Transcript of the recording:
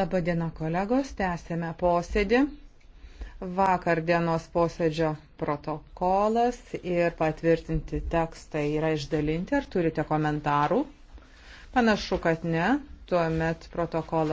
Labadiena kolegos, tęsėme posėdį. Vakar dienos posėdžio protokolas ir patvirtinti tekstai yra išdalinti. Ar turite komentarų? Panašu, kad ne. Tuomet protokolas.